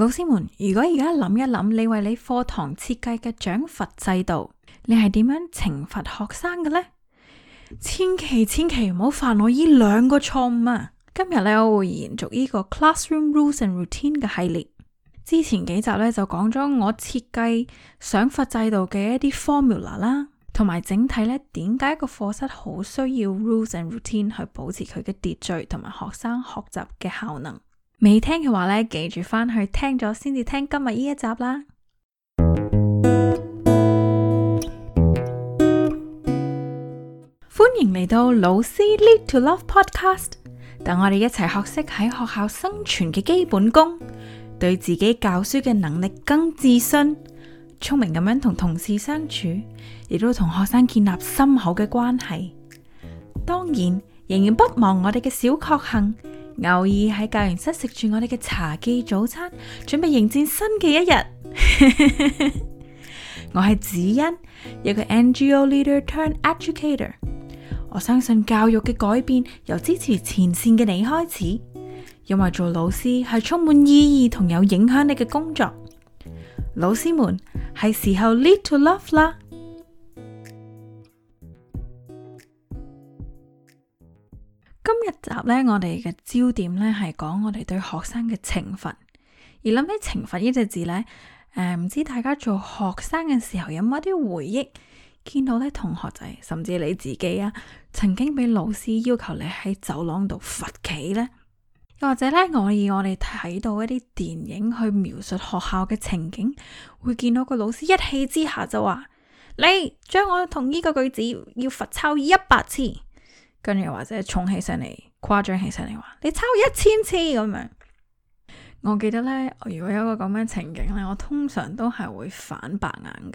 老師們，如果而家諗一諗，你為你課堂設計嘅獎罰制度，你係點樣懲罰學生嘅呢？千祈千祈唔好犯我呢兩個錯誤啊！今日咧我會延續呢個 Classroom Rules and Routine 嘅系列，之前幾集咧就講咗我設計獎罰制度嘅一啲 formula 啦，同埋整體呢點解個課室好需要 Rules and Routine 去保持佢嘅秩序同埋學生學習嘅效能。未聽嘅話咧，記住翻去聽咗先至聽今日呢一集啦！歡迎嚟到老師 Lead to Love Podcast，等我哋一齊學識喺學校生存嘅基本功，對自己教書嘅能力更自信，聰明咁樣同同事相處，亦都同學生建立深厚嘅關係。當然，仍然不忘我哋嘅小確幸。偶爾喺教員室食住我哋嘅茶記早餐，準備迎戰新嘅一日。 我係子欣，一個 NGO leader turned educator。我相信教育嘅改變由支持前線嘅你開始，因為做老師係充滿意義同有影響力嘅工作。老師們，係時候 lead to love 啦。今日集呢，我哋嘅焦點呢，係講我哋對學生嘅懲罰。而諗起懲罰呢隻字呢，呃，唔知大家做學生嘅時候有冇啲回憶？見到呢同學仔，甚至你自己啊，曾經俾老師要求你喺走廊度罰企呢？又或者呢，我以我哋睇到一啲電影去描述學校嘅情景，會見到個老師一氣之下就話：你將我同呢個句子要罰抄一百次。跟住或者重起上嚟，誇張起上嚟話，你抄一千次咁樣。我記得呢，如果有一個咁樣情景咧,我通常都係會反白眼嘅。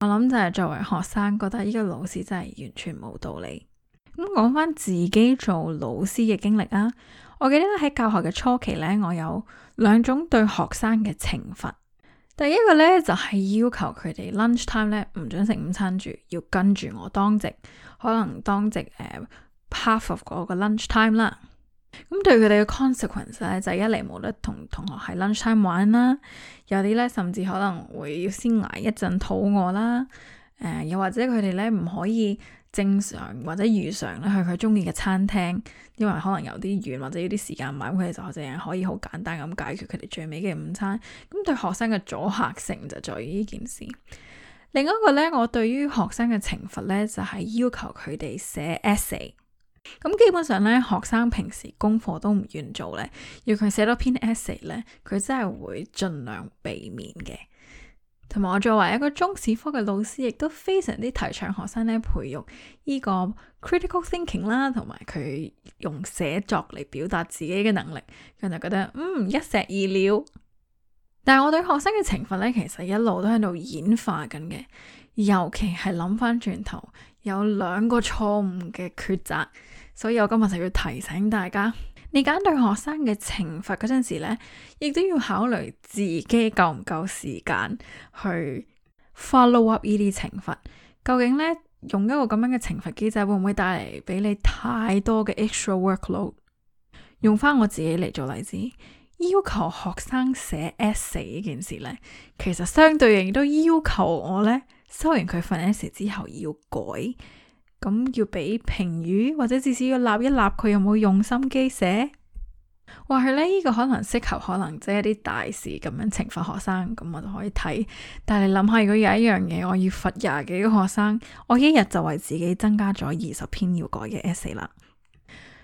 我諗就係作為學生，覺得依個老師真係完全冇道理。咁講翻自己做老師嘅經歷啦，我記得喺教學嘅初期呢，我有兩種對學生嘅懲罰。第一個咧就係、是、要求佢哋 lunch time 咧唔准食午餐住，要跟住我當值，可能當值誒、uh, part of 嗰個 lunch time 啦。咁對佢哋嘅 consequence 咧就係、是、一嚟冇得同同學喺 lunch time 玩啦，有啲咧甚至可能會要先挨一陣肚餓啦，誒、呃、又或者佢哋咧唔可以正常或者如常咧去佢中意嘅餐廳，因為可能有啲遠或者要啲時間唔啱，佢哋就淨係可以好簡單咁解決佢哋最尾嘅午餐。咁對學生嘅阻嚇性就在於呢件事。另一個呢，我對於學生嘅懲罰呢，就係要求佢哋寫 essay。咁基本上呢，學生平時功課都唔願做呢。要佢寫多篇 essay 呢，佢真係會盡量避免嘅。同埋，我作為一個中史科嘅老師，亦都非常之提倡學生咧，培育呢個 critical thinking 啦，同埋佢用寫作嚟表達自己嘅能力，佢就覺得嗯，一石二鳥。但係我對學生嘅懲罰咧，其實一路都喺度演化緊嘅，尤其係諗翻轉頭有兩個錯誤嘅抉擇，所以我今日就要提醒大家。你揀對學生嘅懲罰嗰陣時呢，亦都要考慮自己夠唔夠時間去 follow up 呢啲懲罰。究竟呢，用一個咁樣嘅懲罰機制會唔會帶嚟俾你太多嘅 extra workload？用翻我自己嚟做例子，要求學生寫 essay 呢件事呢，其實相對應都要求我呢，收完佢份 essay 之後要改。咁要俾評語，或者至少要立一立佢有冇用心機寫，話係咧，呢個可能適合，可能即係一啲大事咁樣懲罰學生，咁我就可以睇。但係你諗下，如果有一樣嘢我要罰廿幾個學生，我一日就為自己增加咗二十篇要改嘅 S 啦。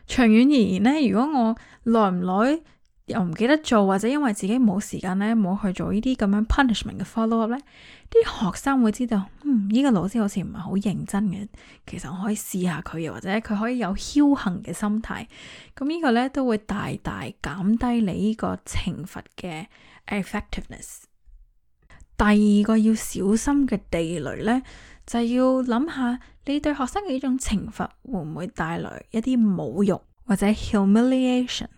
長遠而言呢，如果我耐唔耐？又唔記得做，或者因為自己冇時間呢，冇去做呢啲咁樣 punishment 嘅 follow up 呢，啲學生會知道，嗯，呢個老師好似唔係好認真嘅。其實我可以試下佢，又或者佢可以有僥倖嘅心態。咁呢個呢，都會大大減低你呢個懲罰嘅 effectiveness。第二個要小心嘅地雷呢，就要諗下你對學生嘅呢種懲罰會唔會帶來一啲侮辱或者 humiliation。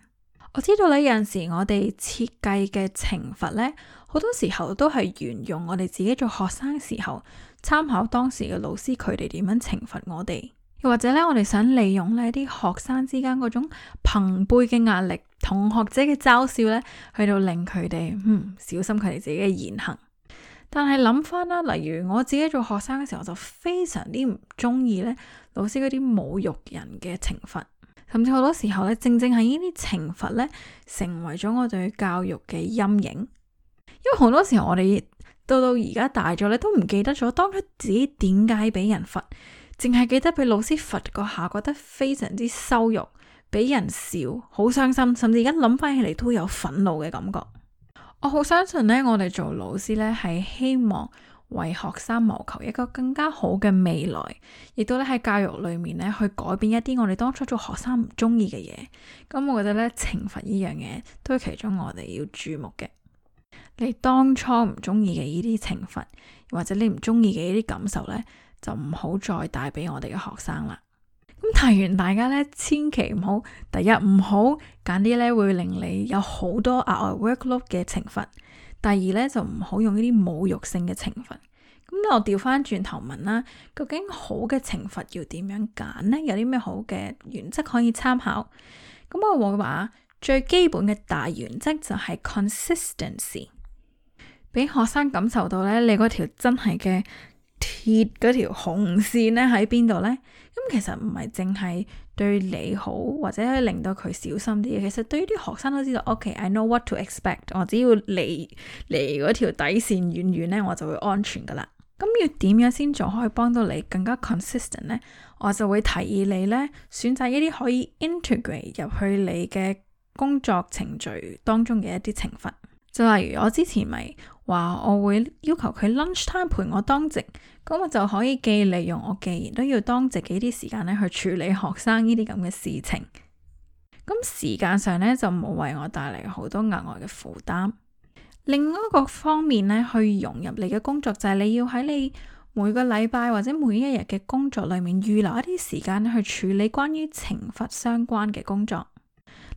我知道咧，有陣時我哋設計嘅懲罰呢，好多時候都係沿用我哋自己做學生嘅時候，參考當時嘅老師佢哋點樣懲罰我哋，又或者呢，我哋想利用呢啲學生之間嗰種朋輩嘅壓力、同學者嘅嘲笑呢，去到令佢哋嗯小心佢哋自己嘅言行。但係諗翻啦，例如我自己做學生嘅時候就非常之唔中意呢老師嗰啲侮辱人嘅懲罰。甚至好多時候咧，正正係呢啲懲罰咧，成為咗我哋教育嘅陰影。因為好多時候我哋到到而家大咗咧，都唔記得咗當初自己點解俾人罰，淨係記得俾老師罰個下，覺得非常之羞辱，俾人笑，好傷心，甚至而家諗翻起嚟都有憤怒嘅感覺。我好相信呢，我哋做老師呢係希望。為學生謀求一個更加好嘅未來，亦都咧喺教育裏面咧去改變一啲我哋當初做學生唔中意嘅嘢。咁我覺得咧，懲罰呢樣嘢都係其中我哋要注目嘅。你當初唔中意嘅呢啲懲罰，或者你唔中意嘅呢啲感受呢，就唔好再帶俾我哋嘅學生啦。咁提完大家呢，千祈唔好，第一唔好揀啲呢會令你有好多額外 workload 嘅懲罰。第二咧就唔好用呢啲侮辱性嘅懲罰。咁我調翻轉頭問啦，究竟好嘅懲罰要點樣揀呢？有啲咩好嘅原則可以參考？咁我會話最基本嘅大原則就係 consistency，俾學生感受到咧，你嗰條真係嘅鐵嗰條紅線咧喺邊度呢？咁其實唔係淨係。對你好，或者可以令到佢小心啲。其實對於啲學生都知道，OK，I、okay, know what to expect。我只要你離嗰條底線遠遠呢，我就會安全噶啦。咁、嗯、要點樣先仲可以幫到你更加 consistent 呢？我就會提議你呢，選擇一啲可以 integrate 入去你嘅工作程序當中嘅一啲懲罰。就例如我之前咪，話我會要求佢 lunchtime 陪我當值，咁我就可以既利用我既然都要當值幾啲時間咧，去處理學生呢啲咁嘅事情。咁時間上咧，就冇為我帶嚟好多額外嘅負擔。另外一個方面咧，去融入你嘅工作，就係你要喺你每個禮拜或者每一日嘅工作裡面預留一啲時間去處理關於懲罰相關嘅工作。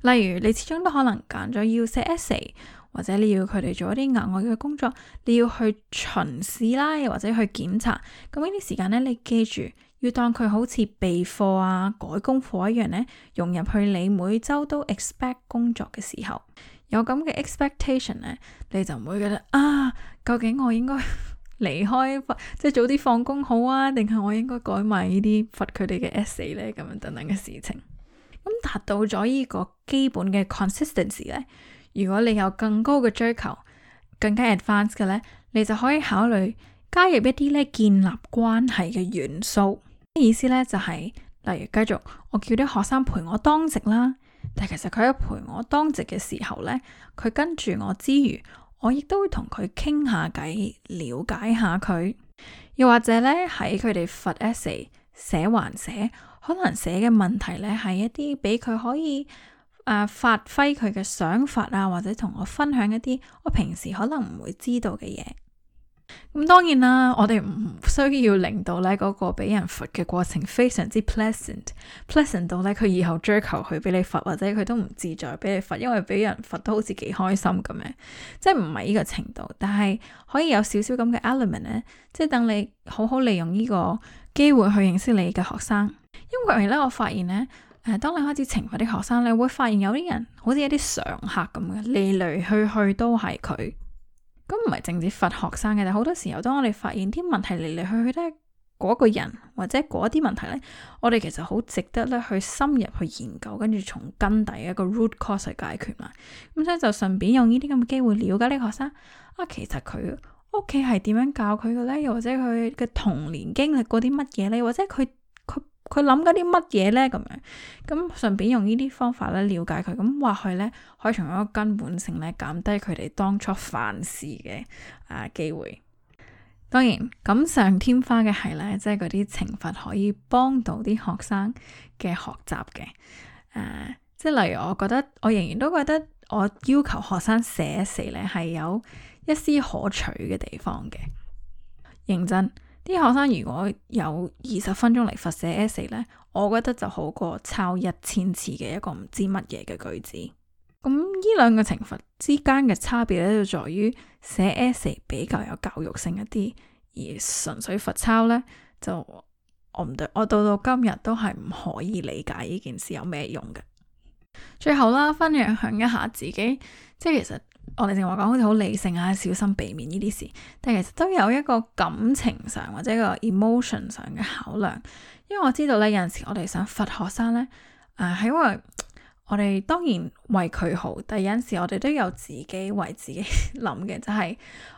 例如你始終都可能揀咗要寫 essay。或者你要佢哋做一啲額外嘅工作，你要去巡視啦，又或者去檢查。咁呢啲時間呢，你記住要當佢好似備課啊、改功課一樣呢，融入去你每周都 expect 工作嘅時候。有咁嘅 expectation 呢，你就唔會覺得啊，究竟我應該離開即係早啲放工好啊，定係我應該改埋呢啲罰佢哋嘅 essay 呢，咁樣等等嘅事情。咁達到咗呢個基本嘅 consistency 呢。如果你有更高嘅追求，更加 advanced 嘅呢，你就可以考慮加入一啲呢，建立關係嘅元素。啲意思呢就係、是，例如繼續我叫啲學生陪我當值啦，但其實佢喺陪我當值嘅時候呢，佢跟住我之餘，我亦都會同佢傾下偈，了解下佢，又或者呢，喺佢哋罰 essay 寫還寫，可能寫嘅問題呢，係一啲俾佢可以。誒、啊，發揮佢嘅想法啊，或者同我分享一啲我平時可能唔會知道嘅嘢。咁、嗯、當然啦，我哋唔需要令到咧嗰個俾人罰嘅過程非常之 pleasant，pleasant pleasant 到咧佢以後追求佢俾你罰或者佢都唔自在俾你罰，因為俾人罰都好似幾開心咁樣，即係唔係呢個程度。但係可以有少少咁嘅 element 咧，即係等你好好利用呢個機會去認識你嘅學生，因為咧我發現咧。誒，當你開始懲罰啲學生，你會發現有啲人好似一啲常客咁嘅，嚟嚟去去都係佢。咁唔係淨止罰學生嘅，但好多時候，當我哋發現啲問題嚟嚟去去咧，嗰個人或者嗰啲問題呢，我哋其實好值得咧去深入去研究，跟住從根底一個 root cause 去解決嘛。咁所以就順便用呢啲咁嘅機會了解啲學生，啊，其實佢屋企係點樣教佢嘅呢？又或者佢嘅童年經歷過啲乜嘢咧，或者佢佢諗緊啲乜嘢呢？咁樣咁順便用呢啲方法咧，了解佢咁，或許咧可以從一個根本性咧減低佢哋當初犯事嘅啊機會。當然，錦上添花嘅係咧，即係嗰啲懲罰可以幫到啲學生嘅學習嘅。啊、呃，即係例如，我覺得我仍然都覺得我要求學生寫詞咧係有一絲可取嘅地方嘅。認真。啲學生如果有二十分鐘嚟罰寫 essay 咧，我覺得就好過抄一千次嘅一個唔知乜嘢嘅句子。咁呢兩個懲罰之間嘅差別咧，就在於寫 essay 比較有教育性一啲，而純粹罰抄咧就我唔對，我到到今日都係唔可以理解呢件事有咩用嘅。最後啦，分享一下自己，即係其實我哋成日講好似好理性啊，小心避免呢啲事，但係其實都有一個感情上或者一個 emotion 上嘅考量，因為我知道咧有陣時我哋想罰學生咧，誒、啊、係因為我哋當然為佢好，但係有陣時我哋都有自己為自己諗嘅，就係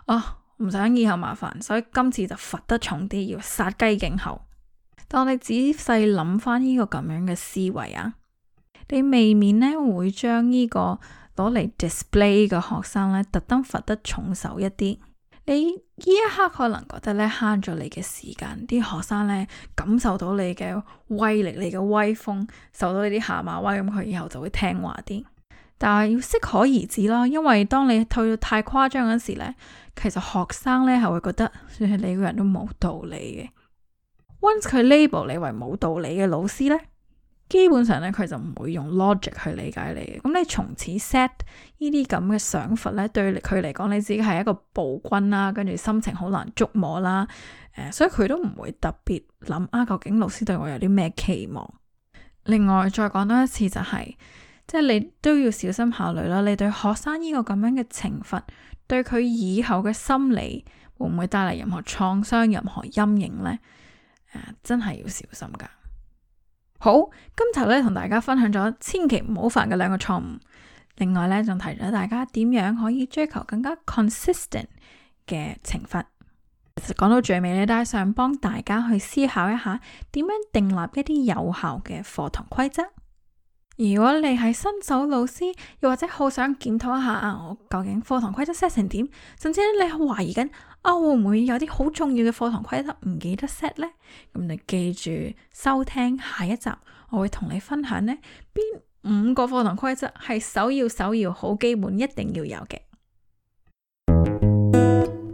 哦，唔想以後麻煩，所以今次就罰得重啲，要殺雞儆猴。但我哋仔細諗翻呢個咁樣嘅思維啊。你未免咧會將呢、這個攞嚟 display 嘅學生咧，特登罰得重手一啲。你呢一刻可能覺得咧慳咗你嘅時間，啲學生咧感受到你嘅威力、你嘅威風，受到呢啲下馬威，咁佢以後就會聽話啲。但係要適可而止咯，因為當你退到太誇張嗰時咧，其實學生咧係會覺得算係你你個人都冇道理嘅。Once 佢 label 你為冇道理嘅老師咧。基本上咧，佢就唔會用 logic 去理解你嘅。咁你從此 set 呢啲咁嘅想法咧，對佢嚟講，你自己係一個暴君啦，跟住心情好難捉摸啦。誒、呃，所以佢都唔會特別諗啊。究竟老師對我有啲咩期望？另外再講多一次就係、是，即、就、係、是，你都要小心考慮啦。你對學生呢個咁樣嘅懲罰，對佢以後嘅心理會唔會帶嚟任何創傷、任何陰影呢？誒、呃，真係要小心噶。好，今集咧同大家分享咗千祈唔好犯嘅兩個錯誤，另外咧仲提咗大家點樣可以追求更加 consistent 嘅懲罰。其實講到最尾咧，都係想幫大家去思考一下，點樣訂立一啲有效嘅課堂規則。如果你係新手老師，又或者好想檢討一下啊，我究竟課堂規則 set 成點，甚至咧你懷疑緊。啊，會唔會有啲好重要嘅課堂規則唔記得 set 呢？咁你記住收聽下一集，我會同你分享呢邊五個課堂規則係首要、首要好基本，一定要有嘅。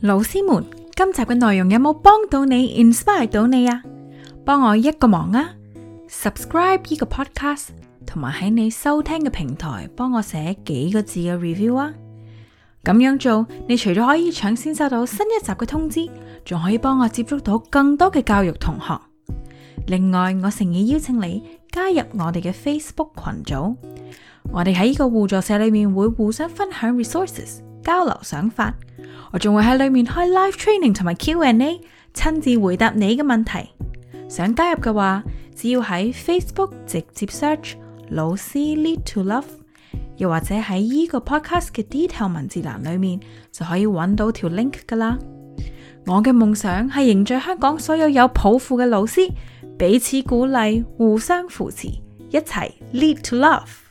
老師們，今集嘅內容有冇幫到你、inspire 到你啊？幫我一個忙啊，subscribe 呢個 podcast。同埋喺你收聽嘅平台幫我寫幾個字嘅 review 啊，咁樣做，你除咗可以搶先收到新一集嘅通知，仲可以幫我接觸到更多嘅教育同學。另外，我誠意邀請你加入我哋嘅 Facebook 群組，我哋喺呢個互助社裏面會互相分享 resources，交流想法。我仲會喺裏面開 live training 同埋 Q&A，親自回答你嘅問題。想加入嘅話，只要喺 Facebook 直接 search。老師 lead to love，又或者喺呢個 podcast 嘅 detail 文字欄裏面就可以揾到條 link 噶啦。我嘅夢想係凝聚香港所有有抱負嘅老師，彼此鼓勵，互相扶持，一齊 lead to love。